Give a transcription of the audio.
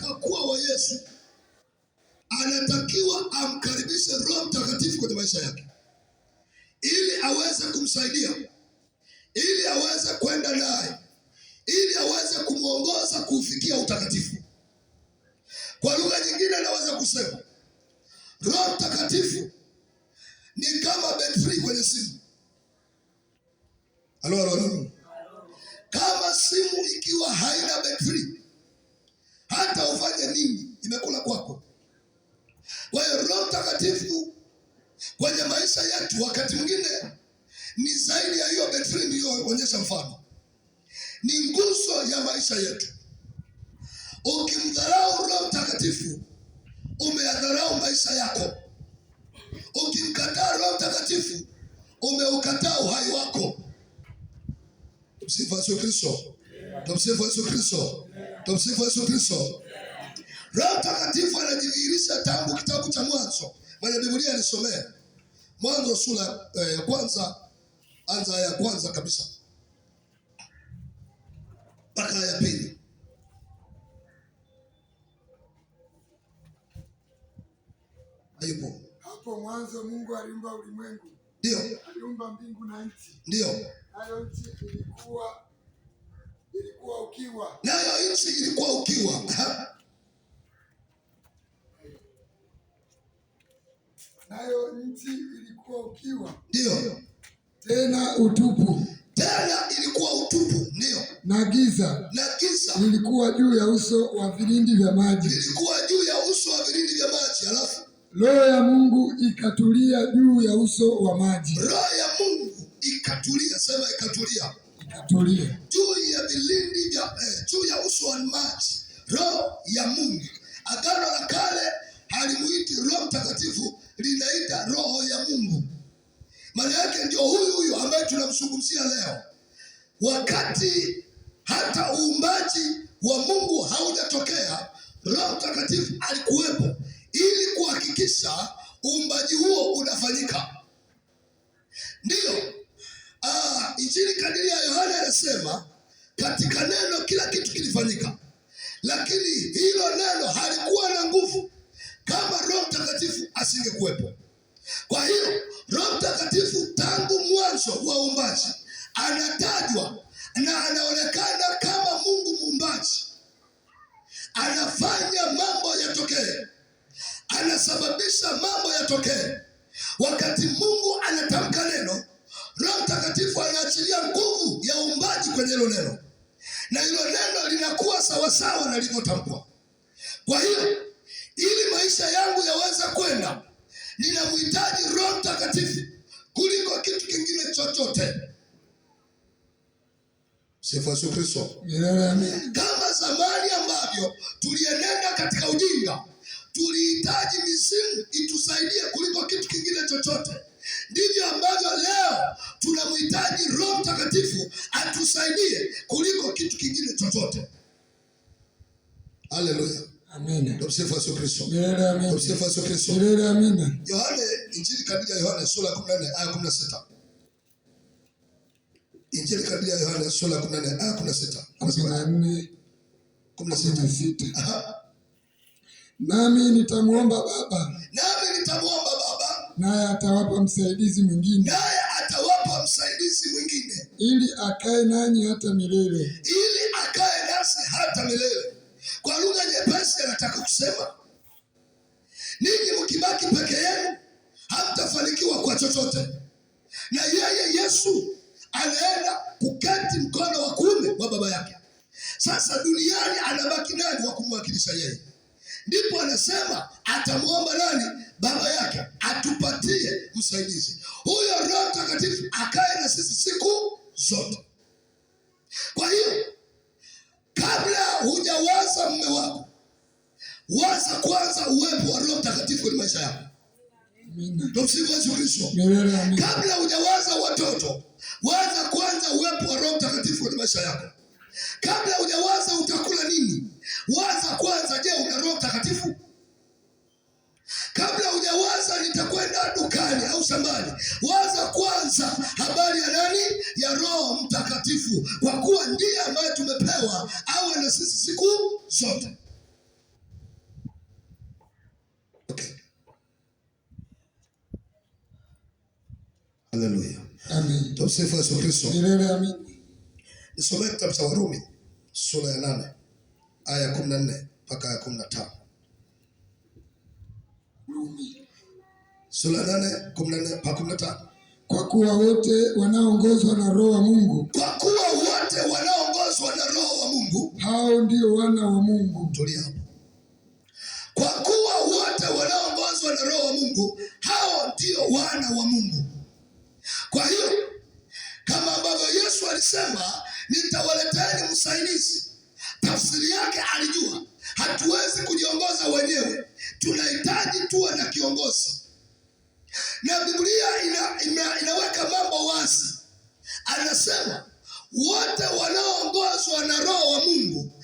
kakuwa wa Yesu anatakiwa amkaribishe Roho Mtakatifu kwenye maisha yake ili aweze kumsaidia, ili aweze kwenda naye, ili aweze kumwongoza kuufikia utakatifu. Kwa lugha nyingine, anaweza kusema Roho Mtakatifu ni kama betri kwenye simu. Halo, halo, halo. Kama simu ikiwa haina betri hata ufanye nini, imekula kwako. Kwa hiyo Roho Mtakatifu kwenye maisha yetu wakati mwingine ni zaidi ya hiyo betri niliyoonyesha mfano, ni nguzo ya maisha yetu. Ukimdharau Roho Mtakatifu umeyadharau maisha yako. Ukimkataa Roho Mtakatifu umeukataa uhai wako. Tumsifu Yesu Kristo, tumsifu Yesu Kristo. Tumsifu Yesu Kristo. Roho Mtakatifu anajidhihirisha tangu kitabu cha Mwanzo. Mwenye Biblia alisomea Mwanzo sura eh, ya kwanza anza ya kwanza kabisa mpaka ya pili. hapo mwanzo, Mungu aliumba ulimwengu, ndio aliumba mbingu na nchi, ndio hayo nchi ilikuwa ilikuwa ukiwa, nayo nchi ilikuwa ukiwa nayo nchi ilikuwa ukiwa, ndio tena utupu, tena ilikuwa utupu, ndio na giza, na giza ilikuwa juu ya uso wa vilindi vya maji, ilikuwa juu ya uso wa vilindi vya maji. Alafu roho ya Mungu ikatulia juu ya uso wa maji, roho ya Mungu ikatulia, sema ikatulia, ikatulia juu ya vilindi vya eh, juu ya uso wa maji. Roho ya Mungu, agano la kale halimuiti Roho Mtakatifu, linaita roho ya Mungu. Maana yake ndio huyu huyu ambaye tunamzungumzia leo, wakati hata uumbaji wa Mungu haujatokea, Roho Mtakatifu alikuwepo ili kuhakikisha uumbaji huo unafanyika. Injili kadiri ya Yohana anasema katika neno kila kitu kilifanyika, lakini hilo neno halikuwa na nguvu kama Roho Mtakatifu asingekuwepo. Kwa hiyo Roho Mtakatifu tangu mwanzo wa uumbaji anatajwa na anaonekana kama Mungu muumbaji, anafanya mambo yatokee, anasababisha mambo yatokee, wakati Mungu anatamka Mtakatifu anaachilia nguvu ya uumbaji kwenye hilo neno, na hilo neno linakuwa sawasawa na lilivyotamkwa. Kwa hiyo ili maisha yangu yaweza kwenda, ninamhitaji Roho Mtakatifu kuliko kitu kingine chochote. Sifa Yesu Kristo. Kama zamani ambavyo tulienenda katika ujinga, tulihitaji mizimu itusaidie kuliko kitu kingine chochote, ndivyo ambavyo leo tunamhitaji Roho Mtakatifu atusaidie kuliko kitu kingine chochote. Haleluya. Injili kadiri ya sura Aha. Nami nitamuomba Baba. Nami nitamuomba Baba. Naye atawapa msaidizi mwingine. Naye msaidizi mwingine, ili akae nanyi hata milele, ili akae nasi hata milele. Kwa lugha nyepesi, anataka kusema ninyi mkibaki peke yenu hamtafanikiwa kwa chochote, na yeye Yesu anaenda kuketi mkono wa kuume wa Baba yake. Sasa duniani anabaki nani wa kumwakilisha yeye? Ndipo anasema atamwomba nani? Baba yake msaidizi. Huyo Roho Mtakatifu akae na sisi siku zote. Kwa hiyo kabla hujawaza mume wako, waza kwanza uwepo wa Roho Mtakatifu kwenye maisha yako. Kabla hujawaza watoto, waza kwanza uwepo wa Roho Mtakatifu kwenye maisha yako. Kabla hujawaza utakula nini, waza kwanza, je, una Roho Mtakatifu? Kabla hujawaza nitakwenda dukani au shambani, waza kwanza habari ya nani? Ya Roho Mtakatifu, kwa kuwa ndiye ambaye tumepewa awe na sisi siku zote. Okay. Haleluya. Amen. Tumsifu Yesu Kristo. Milele amen. Nisome kitabu cha Warumi sura ya nane aya ya kumi na nne mpaka ya kumi na tano sura nane kumi na tano kwa kuwa wote wanaongozwa na roho wa Mungu, kwa kuwa wote wanaongozwa na roho wa Mungu, hao ndio wana wa Mungu. Tulia hapo. Kwa kuwa wote wanaongozwa na roho wa Mungu, hao ndio wana wa Mungu. Kwa hiyo kama ambavyo Yesu alisema nitawaleteni msaidizi, tafsiri yake alijua Hatuwezi kujiongoza wenyewe, tunahitaji tuwe na kiongozi, na Biblia ina, ina, inaweka mambo wazi, anasema wote wanaoongozwa na Roho wa Mungu